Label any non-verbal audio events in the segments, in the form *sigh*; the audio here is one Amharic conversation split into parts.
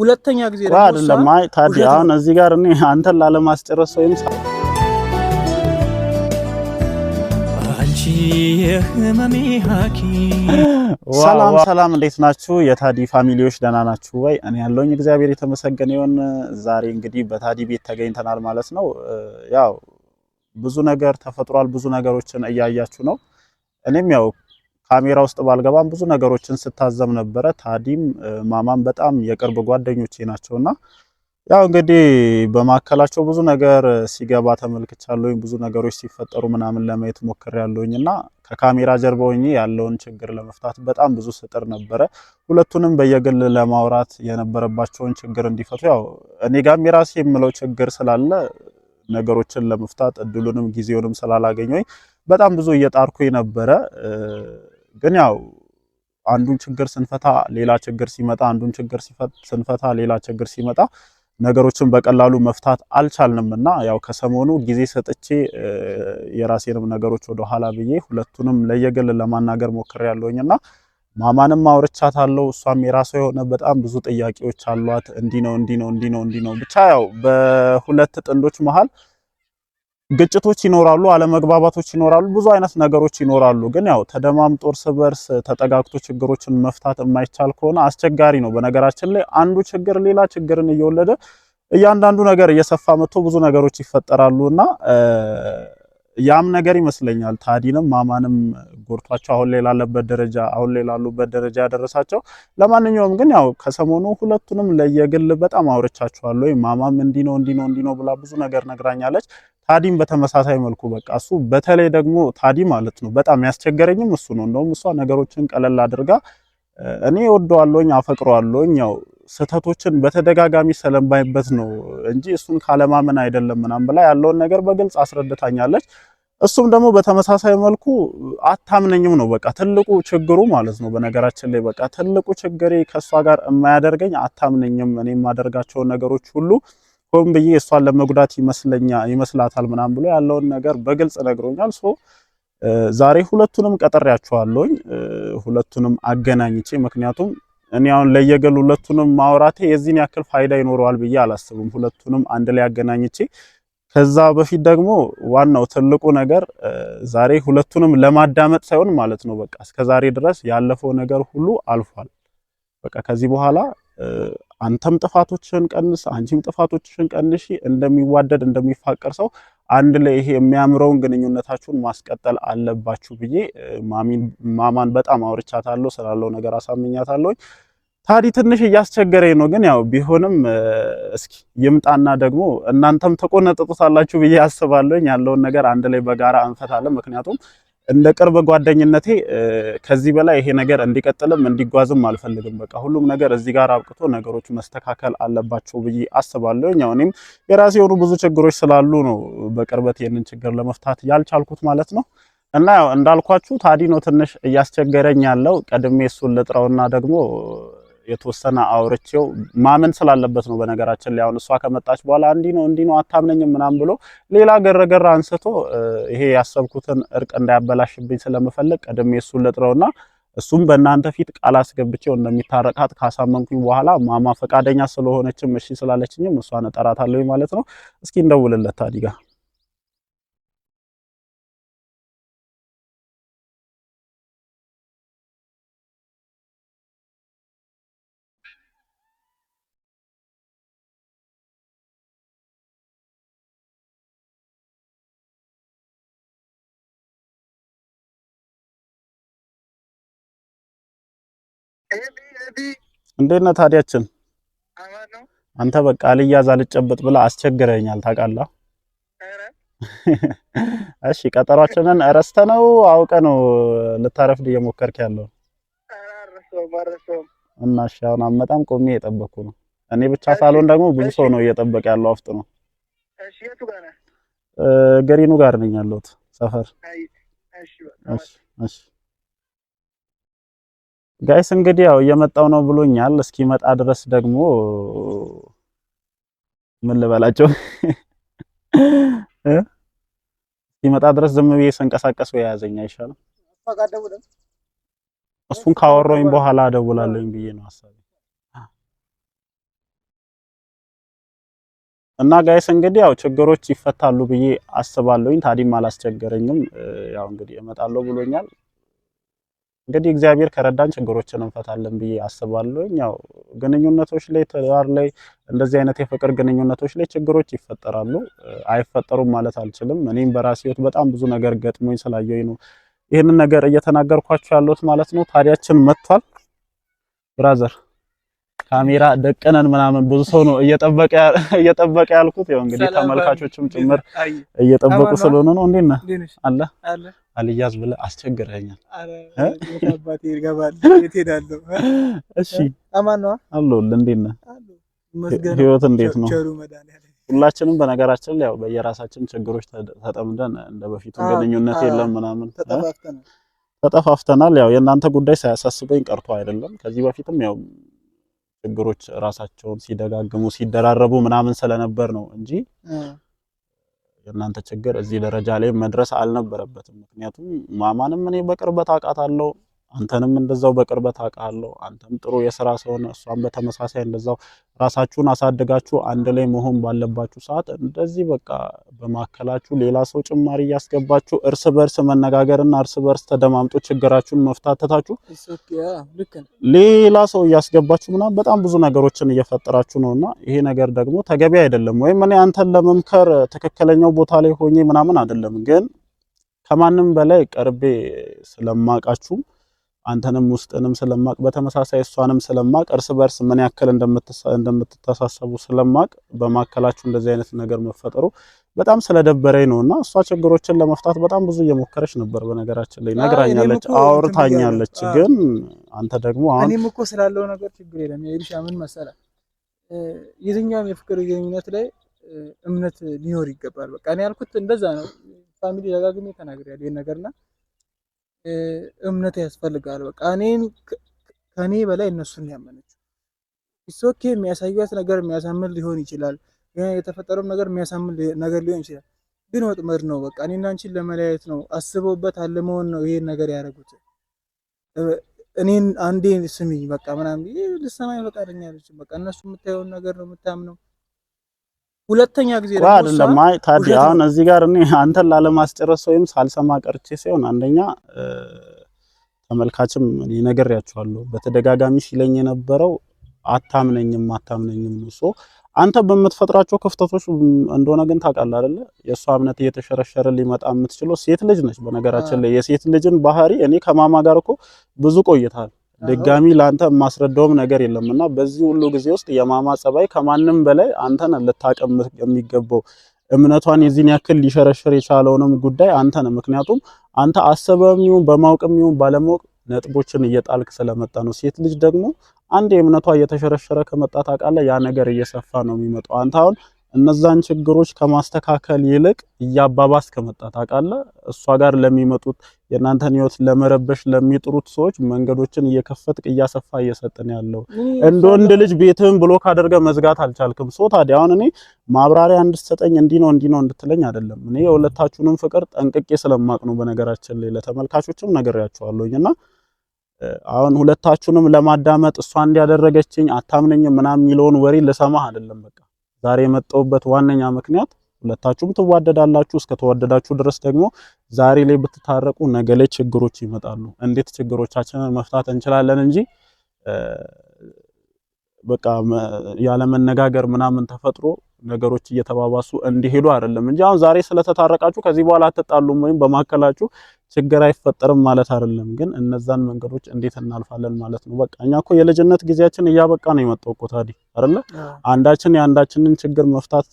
ሁለተኛ ጊዜ ደግሞ አይደለም። አይ ታዲያ አሁን እዚህ ጋር እኔ አንተን ላለማስጨረስ ወይም *gasps* ሰላም ሰላም፣ እንዴት ናችሁ የታዲ ፋሚሊዎች? ደህና ናችሁ ወይ? እኔ ያለውኝ እግዚአብሔር የተመሰገነ ይሁን። ዛሬ እንግዲህ በታዲ ቤት ተገኝተናል ማለት ነው። ያው ብዙ ነገር ተፈጥሯል። ብዙ ነገሮችን እያያችሁ ነው። እኔም ያው ካሜራ ውስጥ ባልገባም ብዙ ነገሮችን ስታዘብ ነበረ። ታዲም ማማም በጣም የቅርብ ጓደኞቼ ናቸውና ያው እንግዲህ በማካከላቸው ብዙ ነገር ሲገባ ተመልክቻለሁኝ። ብዙ ነገሮች ሲፈጠሩ ምናምን ለማየት ሞክሬያለሁኝ ያለውኝና ከካሜራ ጀርባ ሆኜ ያለውን ችግር ለመፍታት በጣም ብዙ ስጥር ነበረ። ሁለቱንም በየግል ለማውራት የነበረባቸውን ችግር እንዲፈቱ ያው እኔ ጋም የራሴ የምለው ችግር ስላለ ነገሮችን ለመፍታት እድሉንም ጊዜውንም ስላላገኘኝ በጣም ብዙ እየጣርኩኝ ነበረ። ግን ያው አንዱን ችግር ስንፈታ ሌላ ችግር ሲመጣ፣ አንዱን ችግር ስንፈታ ሌላ ችግር ሲመጣ ነገሮችን በቀላሉ መፍታት አልቻልንም እና ያው ከሰሞኑ ጊዜ ሰጥቼ የራሴንም ነገሮች ወደኋላ ብዬ ሁለቱንም ለየግል ለማናገር ሞክሬያለሁኝ እና ማማንም አውርቻታለሁ። እሷም የራሷ የሆነ በጣም ብዙ ጥያቄዎች አሏት። እንዲህ ነው እንዲህ ነው እንዲህ ነው እንዲህ ነው ብቻ ያው በሁለት ጥንዶች መሀል ግጭቶች ይኖራሉ፣ አለመግባባቶች ይኖራሉ፣ ብዙ አይነት ነገሮች ይኖራሉ። ግን ያው ተደማምጦ እርስ በርስ ተጠጋግቶ ችግሮችን መፍታት የማይቻል ከሆነ አስቸጋሪ ነው። በነገራችን ላይ አንዱ ችግር ሌላ ችግርን እየወለደ እያንዳንዱ ነገር እየሰፋ መጥቶ ብዙ ነገሮች ይፈጠራሉ እና ያም ነገር ይመስለኛል ታዲንም ማማንም ጎርቷቸው አሁን ላይ ላለበት ደረጃ አሁን ላይ ላሉበት ደረጃ ያደረሳቸው። ለማንኛውም ግን ያው ከሰሞኑ ሁለቱንም ለየግል በጣም አውርቻችኋለሁ። ማማም እንዲህ ነው እንዲህ ነው እንዲህ ነው ብላ ብዙ ነገር ነግራኛለች። ታዲም በተመሳሳይ መልኩ በቃ እሱ በተለይ ደግሞ ታዲ ማለት ነው በጣም ያስቸገረኝም እሱ ነው። እንደውም እሷ ነገሮችን ቀለል አድርጋ እኔ ወደዋለኝ አፈቅረዋለኝ ያው ስህተቶችን በተደጋጋሚ ስለማይበት ነው እንጂ እሱን ካለማመን አይደለም ምናምን ብላ ያለውን ነገር በግልጽ አስረድታኛለች። እሱም ደግሞ በተመሳሳይ መልኩ አታምነኝም ነው በቃ ትልቁ ችግሩ ማለት ነው። በነገራችን ላይ በቃ ትልቁ ችግሬ ከእሷ ጋር የማያደርገኝ አታምነኝም እኔ የማደርጋቸውን ነገሮች ሁሉ ሆን ብዬ እሷን ለመጉዳት ይመስለኛ ይመስላታል ምናምን ብሎ ያለውን ነገር በግልጽ ነግሮኛል። ሶ ዛሬ ሁለቱንም ቀጠሪያቸዋለሁኝ፣ ሁለቱንም አገናኝቼ ምክንያቱም እኔ አሁን ለየገል ሁለቱንም ማውራቴ የዚህን ያክል ፋይዳ ይኖረዋል ብዬ አላስብም። ሁለቱንም አንድ ላይ አገናኝቼ ከዛ በፊት ደግሞ ዋናው ትልቁ ነገር ዛሬ ሁለቱንም ለማዳመጥ ሳይሆን ማለት ነው በቃ እስከ ዛሬ ድረስ ያለፈው ነገር ሁሉ አልፏል። በቃ ከዚህ በኋላ አንተም ጥፋቶችን ቀንስ፣ አንቺም ጥፋቶችን ቀንሺ። እንደሚዋደድ እንደሚፋቀር ሰው አንድ ላይ ይሄ የሚያምረውን ግንኙነታችሁን ማስቀጠል አለባችሁ ብዬ ማማን በጣም አውርቻታለሁ። ስላለው ነገር አሳምኛታለሁኝ። ታዲ ትንሽ እያስቸገረኝ ነው፣ ግን ያው ቢሆንም እስኪ ይምጣና ደግሞ እናንተም ተቆነጥጡታላችሁ ብዬ አስባለሁኝ። ያለውን ነገር አንድ ላይ በጋራ እንፈታለን። ምክንያቱም እንደ ቅርብ ጓደኝነቴ ከዚህ በላይ ይሄ ነገር እንዲቀጥልም እንዲጓዝም አልፈልግም። በቃ ሁሉም ነገር እዚህ ጋር አብቅቶ ነገሮች መስተካከል አለባቸው ብዬ አስባለሁ። ያው እኔም የራሴ የሆኑ ብዙ ችግሮች ስላሉ ነው በቅርበት ይህንን ችግር ለመፍታት ያልቻልኩት ማለት ነው። እና ያው እንዳልኳችሁ ታዲ ነው ትንሽ እያስቸገረኝ ያለው። ቀድሜ እሱን ልጥረውና ደግሞ የተወሰነ አውርቼው ማመን ስላለበት ነው። በነገራችን ላይ አሁን እሷ ከመጣች በኋላ እንዲህ ነው እንዲህ ነው አታምነኝም ምናምን ብሎ ሌላ ገረገር አንስቶ ይሄ ያሰብኩትን እርቅ እንዳያበላሽብኝ ስለምፈልግ ቀድሜ እሱን ልጥረውና እሱም በእናንተ ፊት ቃል አስገብቼው እንደሚታረቃት ካሳመንኩኝ በኋላ ማማ ፈቃደኛ ስለሆነችም እሺ ስላለችኝም እሷን እጠራታለሁ ማለት ነው። እስኪ እንደውልለት ታዲጋ እንዴት ነህ ታዲያችን? አንተ በቃ አልያዝ አልጨበጥ ብላ አስቸግረኛል ታውቃለህ። *laughs* እሺ ቀጠሯችንን እረስተ ነው አውቀ ነው ልታረፍድ እየሞከርክ ያለው እና እሺ አሁን በጣም ቆሜ እየጠበቅኩ ነው። እኔ ብቻ ሳልሆን ደግሞ ብዙ ሰው ነው እየጠበቀ ያለው አፍጥ ነው። እሺ የቱ ጋር ነህ? ገሪኑ ጋር ነኝ ያለሁት ሰፈር። እሺ እሺ ጋይስ እንግዲህ ያው እየመጣው ነው ብሎኛል። እስኪመጣ ድረስ ደግሞ ምን ልበላቸው፣ እስኪመጣ ድረስ ዝም ብዬ ስንቀሳቀስ የያዘኝ አይሻልም? እሱን ካወራኝ በኋላ እደውላለሁኝ ብዬ ነው ሀሳቤ። እና ጋይስ እንግዲህ ያው ችግሮች ይፈታሉ ብዬ አስባለሁኝ። ታዲም አላስቸገረኝም። ያው እንግዲህ እመጣለሁ ብሎኛል። እንግዲህ እግዚአብሔር ከረዳን ችግሮችን እንፈታለን ብዬ አስባለሁ። ያው ግንኙነቶች ላይ ትዳር ላይ እንደዚህ አይነት የፍቅር ግንኙነቶች ላይ ችግሮች ይፈጠራሉ። አይፈጠሩም ማለት አልችልም። እኔም በራሴ ህይወት በጣም ብዙ ነገር ገጥሞኝ ስላየኝ ነው ይህንን ነገር እየተናገርኳችሁ ያለሁት ማለት ነው። ታዲያችን መጥቷል ብራዘር ካሜራ ደቀነን ምናምን ብዙ ሰው ነው እየጠበቀ *laughs* ያልኩት። ያው እንግዲህ ተመልካቾችም ጭምር እየጠበቁ ስለሆነ ነው። እንዴት ነህ? አለ አልያዝ ብለህ አስቸግረኛል። *laughs* እሺ አለሁልህ። እንዴት ነህ? ህይወት እንዴት ነው? ሁላችንም በነገራችን ላይ ያው በየራሳችን ችግሮች ተጠምደን እንደ በፊቱ ግንኙነት የለም ምናምን ተጠፋፍተናል። ያው የእናንተ ጉዳይ ሳያሳስበኝ ቀርቶ አይደለም። ከዚህ በፊትም ያው ችግሮች ራሳቸውን ሲደጋግሙ ሲደራረቡ ምናምን ስለነበር ነው እንጂ የእናንተ ችግር እዚህ ደረጃ ላይ መድረስ አልነበረበትም። ምክንያቱም ማማንም እኔ በቅርበት አውቃታለሁ። አንተንም እንደዛው በቅርበት አውቃለሁ። አንተም ጥሩ የስራ ሰው ነህ፣ እሷም በተመሳሳይ እንደዛው ራሳችሁን አሳድጋችሁ አንድ ላይ መሆን ባለባችሁ ሰዓት እንደዚህ በቃ በማከላችሁ ሌላ ሰው ጭማሪ እያስገባችሁ እርስ በርስ መነጋገርና እርስ በርስ ተደማምጦ ችግራችሁን መፍታተታችሁ ሌላ ሰው እያስገባችሁ ምናምን በጣም ብዙ ነገሮችን እየፈጠራችሁ እና ይሄ ነገር ደግሞ ተገቢ አይደለም። ወይም እኔ አንተን ለመምከር ትክክለኛው ቦታ ላይ ሆኜ ምናምን አይደለም፣ ግን ከማንም በላይ ቀርቤ ስለማውቃችሁም አንተንም ውስጥንም ስለማቅ በተመሳሳይ እሷንም ስለማቅ እርስ በርስ ምን ያክል እንደምትተሳሰቡ ስለማቅ በማካከላችሁ እንደዚህ አይነት ነገር መፈጠሩ በጣም ስለደበረኝ ነው። እና እሷ ችግሮችን ለመፍታት በጣም ብዙ እየሞከረች ነበር። በነገራችን ላይ ነግራኛለች፣ አውርታኛለች። ግን አንተ ደግሞ አሁን እኔም እኮ ስላለው ነገር ችግር የለም ይልሻ ምን መሰለህ፣ የትኛውም የፍቅር ግንኙነት ላይ እምነት ሊኖር ይገባል። በቃ እኔ ያልኩት እንደዛ ነው። ፋሚሊ ደጋግሜ ተናግሬያለሁ ይህን ነገርና እምነት ያስፈልጋል። በቃ እኔን ከኔ በላይ እነሱን ያመነችው ኢሶኬ የሚያሳዩት ነገር የሚያሳምን ሊሆን ይችላል። የተፈጠረው ነገር የሚያሳምን ነገር ሊሆን ይችላል። ግን ወጥመድ ነው። በቃ እኔና አንቺን ለመለያየት ነው አስበውበት አለመሆን ነው ይሄን ነገር ያደረጉት። እኔን አንዴ ስሚኝ በቃ ምናምን ልሰማኝ ፈቃደኛ አለች። በቃ እነሱ የምታየውን ነገር ነው የምታምነው ሁለተኛ ጊዜ አይደለም። አይ ታዲያ አሁን እዚህ ጋር እኔ አንተን ላለማስጨረስ ወይም ሳልሰማ ቀርቼ ሳይሆን አንደኛ ተመልካችም ነግሬያችኋለሁ በተደጋጋሚ ሲለኝ የነበረው አታምነኝም አታምነኝም ነው። አንተ በምትፈጥራቸው ክፍተቶች እንደሆነ ግን ታውቃለህ አይደለ? የእሷ እምነት እየተሸረሸረ ሊመጣ የምትችለው ሴት ልጅ ነች። በነገራችን ላይ የሴት ልጅን ባህሪ እኔ ከማማ ጋር እኮ ብዙ ቆይታል ድጋሚ ለአንተ የማስረዳውም ነገር የለም እና በዚህ ሁሉ ጊዜ ውስጥ የማማ ጸባይ ከማንም በላይ አንተን ልታቀም የሚገባው እምነቷን የዚህን ያክል ሊሸረሽር የቻለውንም ጉዳይ አንተ ነው። ምክንያቱም አንተ አሰበም ይሁን በማወቅም ይሁን ባለማወቅ ነጥቦችን እየጣልክ ስለመጣ ነው። ሴት ልጅ ደግሞ አንድ የእምነቷ እየተሸረሸረ ከመጣ ታውቃለህ፣ ያ ነገር እየሰፋ ነው የሚመጣው። አንተ አሁን እነዛን ችግሮች ከማስተካከል ይልቅ እያባባስ ከመጣ ታውቃለህ፣ እሷ ጋር ለሚመጡት የእናንተን ህይወት ለመረበሽ ለሚጥሩት ሰዎች መንገዶችን እየከፈትክ እያሰፋ እየሰጠን ያለው እንደ ወንድ ልጅ ቤትህን ብሎክ አድርገህ መዝጋት አልቻልክም። ሶ ታዲያ አሁን እኔ ማብራሪያ እንድትሰጠኝ እንዲህ ነው እንዲህ ነው እንድትለኝ አይደለም። እኔ የሁለታችሁንም ፍቅር ጠንቅቄ ስለማቅ ነው። በነገራችን ላይ ለተመልካቾችም ነግሬያቸዋለሁኝና አሁን ሁለታችሁንም ለማዳመጥ እሷ እንዲያደረገችኝ አታምነኝም ምናምን የሚለውን ወሬ ልሰማህ አይደለም በቃ ዛሬ የመጣሁበት ዋነኛ ምክንያት ሁለታችሁም ትዋደዳላችሁ። እስከተዋደዳችሁ ድረስ ደግሞ ዛሬ ላይ ብትታረቁ ነገ ላይ ችግሮች ይመጣሉ። እንዴት ችግሮቻችንን መፍታት እንችላለን እንጂ በቃ ያለመነጋገር ምናምን ተፈጥሮ ነገሮች እየተባባሱ እንዲሄዱ አይደለም እንጂ አሁን ዛሬ ስለተታረቃችሁ ከዚህ በኋላ አትጣሉም ወይም በማከላችሁ ችግር አይፈጠርም ማለት አይደለም። ግን እነዛን መንገዶች እንዴት እናልፋለን ማለት ነው። በቃ እኛ እኮ የልጅነት ጊዜያችን እያበቃ ነው የመጣው እኮ ታዲያ አይደለ? አንዳችን የአንዳችንን ችግር መፍታት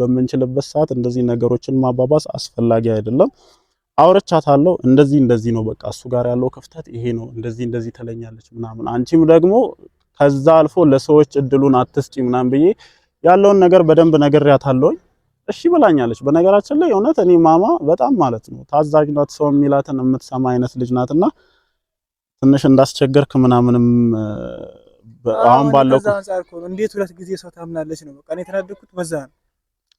በምንችልበት ሰዓት እንደዚህ ነገሮችን ማባባስ አስፈላጊ አይደለም። አውርቻታለሁ። እንደዚህ እንደዚህ ነው በቃ እሱ ጋር ያለው ክፍተት ይሄ ነው፣ እንደዚህ እንደዚህ ትለኛለች ምናምን፣ አንቺም ደግሞ ከዛ አልፎ ለሰዎች እድሉን አትስጪ ምናምን ብዬ ያለውን ነገር በደንብ ነግሬያታለሁኝ። እሺ ብላኛለች። በነገራችን ላይ እውነት እኔ ማማ በጣም ማለት ነው ታዛዥ ናት፣ ሰው የሚላትን የምትሰማ አይነት ልጅ ናትና ትንሽ እንዳስቸገርክ ምናምንም አሁን ባለው እንዴት ሁለት ጊዜ ሰው ታምናለች ነው በቃ እኔ የተናደድኩት በዛ ነው።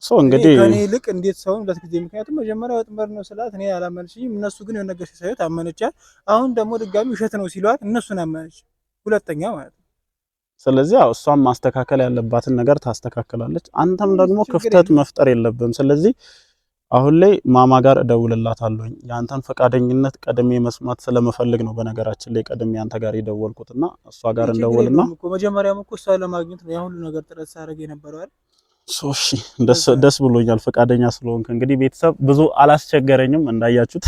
ሰው እንግዲህ እኔ ይልቅ እንዴት ሰውን ሁለት ጊዜ ምክንያቱም መጀመሪያ ወጥመድ ነው ስላት እኔ አላመነችኝም። እነሱ ግን የሆነ ነገር ሲሳዩት አመነቻት። አሁን ደግሞ ድጋሚ ውሸት ነው ሲሏት እነሱን አመነች። ሁለተኛ ማለት ነው ስለዚህ ያው እሷም ማስተካከል ያለባትን ነገር ታስተካከላለች። አንተም ደግሞ ክፍተት መፍጠር የለብም። ስለዚህ አሁን ላይ ማማ ጋር እደውልላታለሁኝ። የአንተን ፈቃደኝነት ቀድሜ መስማት ስለምፈልግ ነው። በነገራችን ላይ ቀድሜ አንተ ጋር የደወልኩትና እሷ ጋር እንደወልና መጀመሪያም እኮ እሷ ለማግኘት ነው ያሁሉ ነገር ጥረት ሳደርግ የነበረው አይደል። ሶሺ ደስ ብሎኛል ፈቃደኛ ስለሆንክ። እንግዲህ ቤተሰብ ብዙ አላስቸገረኝም እንዳያችሁት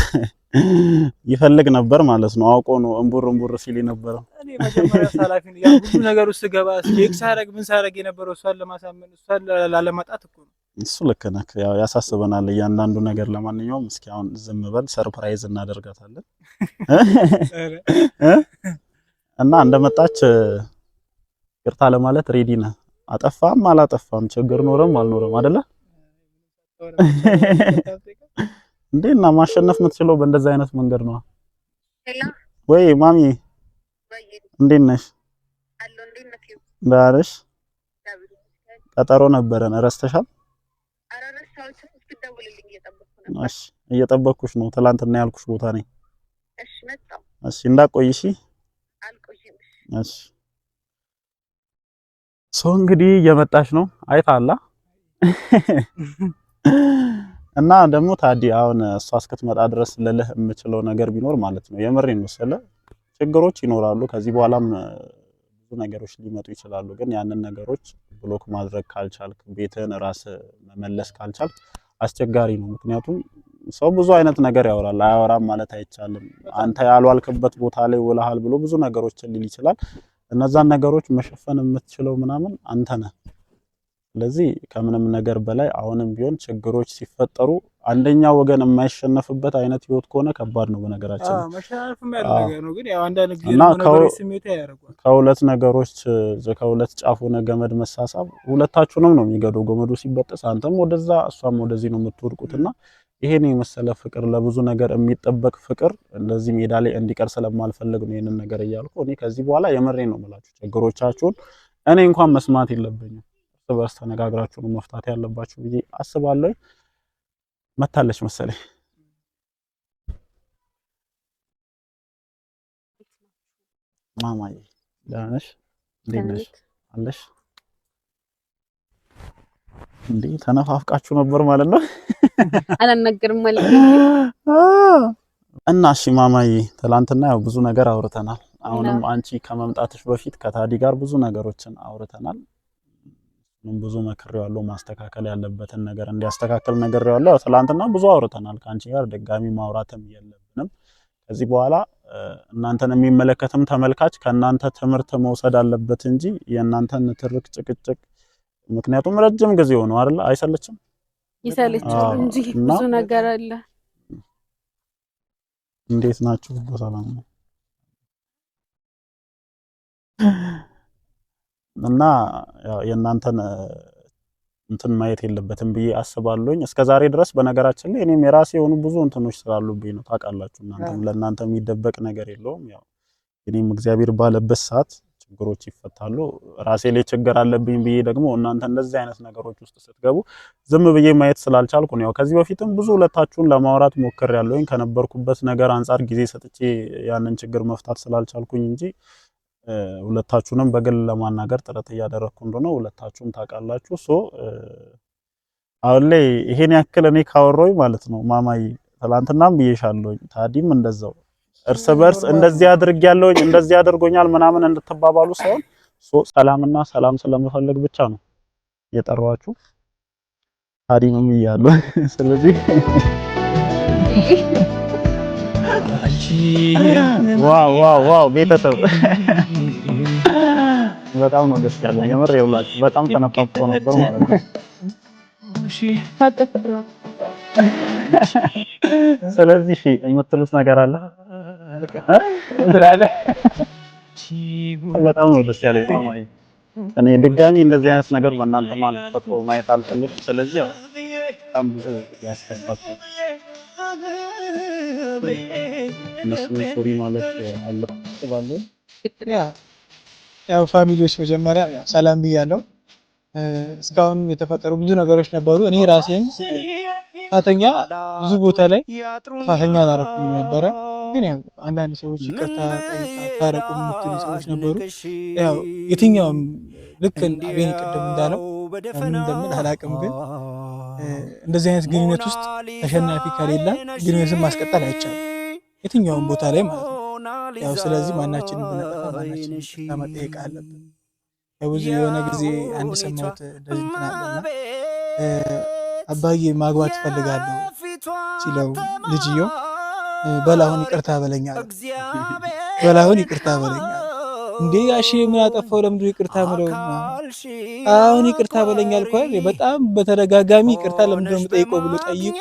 ይፈልግ ነበር ማለት ነው። አውቆ ነው እምቡር እምቡር ሲል የነበረው። እኔ ብዙ ነገር ውስጥ ገባ። እስኪ ኤክሳረግ ምን ሳረግ የነበረው እሷን ለማሳመን እሷን ላለማጣት እኮ ነው። እሱ ልክ ነህ። ያው ያሳስበናል እያንዳንዱ ነገር። ለማንኛውም እስኪ አሁን ዝም በል፣ ሰርፕራይዝ እናደርጋታለን እና እንደመጣች ቅርታ ለማለት ሬዲ ነህ። አጠፋም አላጠፋም ችግር ኖረም አልኖረም አይደለ እንዴና ማሸነፍ የምትችለው በእንደዚህ አይነት መንገድ ነው። ወይ ማሚ እንዴት ነሽ? ዳርሽ ቀጠሮ ነበረን እረስተሻል እሺ እየጠበኩሽ ነው። ትላንትና ያልኩሽ ቦታ ነኝ። እሺ መጣሁ። እሺ እንዳቆይሽ እሺ ሰው እንግዲህ እየመጣች ነው። አይታ አላ እና ደግሞ ታዲ አሁን እሷ እስክትመጣ ድረስ ልልህ የምችለው ነገር ቢኖር ማለት ነው የምሬን መሰለህ ችግሮች ይኖራሉ። ከዚህ በኋላም ብዙ ነገሮች ሊመጡ ይችላሉ። ግን ያንን ነገሮች ብሎክ ማድረግ ካልቻልክ፣ ቤትህን ራስ መመለስ ካልቻልክ አስቸጋሪ ነው። ምክንያቱም ሰው ብዙ አይነት ነገር ያወራል። አያወራም ማለት አይቻልም። አንተ ያልዋልክበት ቦታ ላይ ውለሃል ብሎ ብዙ ነገሮች ሊል ይችላል። እነዛን ነገሮች መሸፈን የምትችለው ምናምን አንተ ነህ። ስለዚህ ከምንም ነገር በላይ አሁንም ቢሆን ችግሮች ሲፈጠሩ አንደኛ ወገን የማይሸነፍበት አይነት ህይወት ከሆነ ከባድ ነው። በነገራችን እና ከሁለት ነገሮች ከሁለት ጫፍ ሆነ ገመድ መሳሳብ ሁለታችሁንም ነው የሚገደው። ገመዱ ሲበጠስ አንተም ወደዛ እሷም ወደዚህ ነው እና ይሄን የመሰለ ፍቅር ለብዙ ነገር የሚጠበቅ ፍቅር እንደዚህ ሜዳ ላይ እንዲቀር ስለማልፈልግ ነው ይህንን ነገር እያልኩ እኔ ከዚህ በኋላ የመሬ ነው የምላችሁ ችግሮቻችሁን እኔ እንኳን መስማት የለብኝም። በርስ ተነጋግራችሁ ነው መፍታት ያለባችሁ ብዬ አስባለሁ። መታለች መሰለኝ። ማማዬ ደህና ነሽ? እንዴት ነሽ? አለሽ እንዴ? ተነፋፍቃችሁ ነበር ማለት ነው። አላናገርም ማለት ነው። እና እሺ ማማዬ፣ ትላንትና ያው ብዙ ነገር አውርተናል። አሁንም አንቺ ከመምጣትሽ በፊት ከታዲ ጋር ብዙ ነገሮችን አውርተናል። ብዙ መክሬዋለሁ ማስተካከል ያለበትን ነገር እንዲያስተካከል ነግሬዋለሁ። ትላንትና ብዙ አውርተናል። ከአንቺ ጋር ድጋሚ ማውራትም የለብንም። ከዚህ በኋላ እናንተን የሚመለከትም ተመልካች ከእናንተ ትምህርት መውሰድ አለበት እንጂ የእናንተን ትርክ፣ ጭቅጭቅ ምክንያቱም ረጅም ጊዜ ሆኖ አይደል? አይሰለችም? ይሰለቻል እንጂ ብዙ ነገር አለ። እንዴት ናችሁ? በሰላም ነው? እና የእናንተን እንትን ማየት የለበትም ብዬ አስባለሁኝ። እስከ ዛሬ ድረስ በነገራችን ላይ እኔም የራሴ የሆኑ ብዙ እንትኖች ስላሉብኝ ነው ታውቃላችሁ። እናንተም ለእናንተ የሚደበቅ ነገር የለውም። ያው እኔም እግዚአብሔር ባለበት ሰዓት ችግሮች ይፈታሉ። ራሴ ላይ ችግር አለብኝ ብዬ ደግሞ እናንተ እንደዚህ አይነት ነገሮች ውስጥ ስትገቡ ዝም ብዬ ማየት ስላልቻልኩ ነው። ያው ከዚህ በፊትም ብዙ ሁለታችሁን ለማውራት ሞክሬያለሁኝ ከነበርኩበት ነገር አንጻር ጊዜ ሰጥቼ ያንን ችግር መፍታት ስላልቻልኩኝ እንጂ ሁለታችሁንም በግል ለማናገር ጥረት እያደረግኩ እንደሆነ ሁለታችሁም ታውቃላችሁ። ሶ አሁን ላይ ይሄን ያክል እኔ ካወራሁኝ ማለት ነው ማማዬ፣ ትላንትናም ብዬሻለሁኝ፣ ታዲም እንደዛው እርስ በርስ እንደዚህ አድርግ ያለውኝ እንደዚህ አድርጎኛል ምናምን እንድትባባሉ ሳይሆን ሶ ሰላምና ሰላም ስለምፈልግ ብቻ ነው የጠራኋችሁ። ታዲምም ብያለሁ። *laughs* ስለዚህ *laughs* ዋው ዋው ዋው ቤተሰብ *laughs* በጣም ነው ደስ ያለኝ። የምር ይውላችሁ በጣም ተነፋፍቶ ነበር ማለት ነው። ስለዚህ እሺ የምትሉት ነገር አለ? በጣም ነው ደስ ያለኝ። እኔ ድጋሚ እንደዚህ አይነት ነገር በእናንተ ማለት ማየት አልፈልግም። ስለዚህ በጣም ያስከፋል። እነሱ ሶሪ ማለት አለ ያው ፋሚሊዎች መጀመሪያ ሰላም ብያለሁ። እስካሁን የተፈጠሩ ብዙ ነገሮች ነበሩ። እኔ ራሴን ጥፋተኛ ብዙ ቦታ ላይ ጥፋተኛ አላረኩም ነበረ። ግን ያው አንዳንድ ሰዎች ይቅርታ ታረቁ የምትሉ ሰዎች ነበሩ። ያው የትኛውም ልክ አቤኔ ቅድም እንዳለው ምን እንደምን አላውቅም፣ ግን እንደዚህ አይነት ግንኙነት ውስጥ ተሸናፊ ከሌለ ግንኙነትን ማስቀጠል አይቻልም፣ የትኛውም ቦታ ላይ ማለት ነው። ያው ስለዚህ ማናችን ብንጠፋ ማናችን መጠየቅ አለብን። ብዙ የሆነ ጊዜ አንድ ሰማሁት እንደዚህ ትናለና አባዬ ማግባት እፈልጋለሁ ሲለው ልጅየው በላሁን ይቅርታ በለኛ በላሁን ይቅርታ በለኛ እንዴ ያሺ ምን አጠፋው? ለምዱ ይቅርታ ምለው? አሁን ይቅርታ በለኛል እኮ በጣም በተደጋጋሚ ይቅርታ ለምንድን ነው የምጠይቀው ብሎ ጠይቆ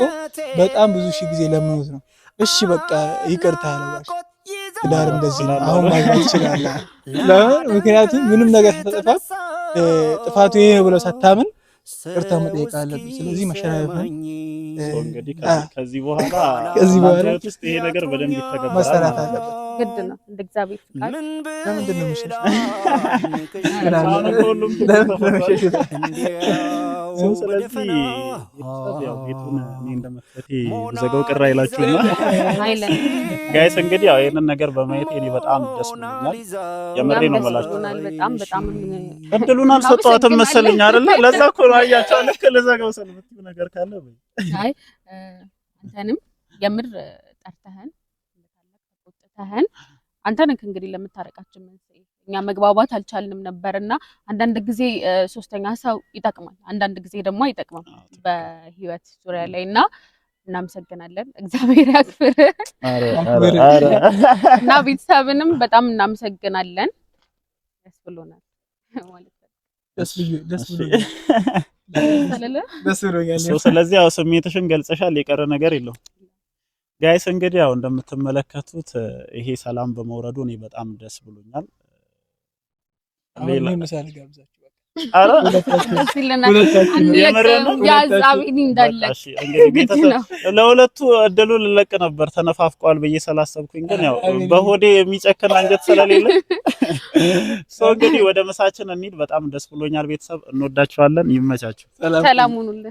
በጣም ብዙ ሺህ ጊዜ ለምኑት ነው። እሺ በቃ ይቅርታ አለባሽ ትዳር እንደዚህ አሁን ማግባት ይችላል። ለምን? ምክንያቱም ምንም ነገር ተጠፋ ጥፋቱ ይሄ ነው ብለው ሳታምን ቅርታ መጠየቅ አለብን። ስለዚህ መሸናነፍ ከዚህ በኋላ ከዚህ በኋላ ይሄ ነገር በደንብ ይተገበራል መሰራት አለበት። ግድ ነው። እንደ እግዚአብሔር ፍቃድ ለምንድን ቅር አይላችሁና ጋይስ፣ እንግዲህ ያው ይህንን ነገር በማየት እኔ በጣም ደስ ብሎኛል። የምሬ ነው የምላችሁ። እድሉን አልሰጠኋትም መሰለኝ አይደለ? ለዛ እኮ ነው አያቸው። ልክ ልዘጋው ሰልፍ ነገር ካለ አይ አንተንም የምር ጠርተህን ሰተህን አንተ ነህ እንግዲህ ለምታረቃችን መንስኤ። እኛ መግባባት አልቻልንም ነበር እና አንዳንድ ጊዜ ሶስተኛ ሰው ይጠቅማል፣ አንዳንድ ጊዜ ደግሞ አይጠቅምም በህይወት ዙሪያ ላይ እና እናመሰግናለን። እግዚአብሔር ያክብር እና ቤተሰብንም በጣም እናመሰግናለን። ደስ ብሎናል። ስለዚህ ያው ስሜትሽን ገልጸሻል፣ የቀረ ነገር የለውም። ጋይስ እንግዲህ ያው እንደምትመለከቱት ይሄ ሰላም በመውረዱ እኔ በጣም ደስ ብሎኛል። ለሁለቱ እድሉ ልለቅ ነበር ተነፋፍቀዋል ብዬ ስላሰብኩኝ፣ ግን ያው በሆዴ የሚጨክን አንጀት ስለሌለ ሰው *laughs* እንግዲህ ወደ ምሳችን እንሂድ። በጣም ደስ ብሎኛል። ቤተሰብ እንወዳችኋለን። ይመቻችሁ። ሰላም ሁኑልን።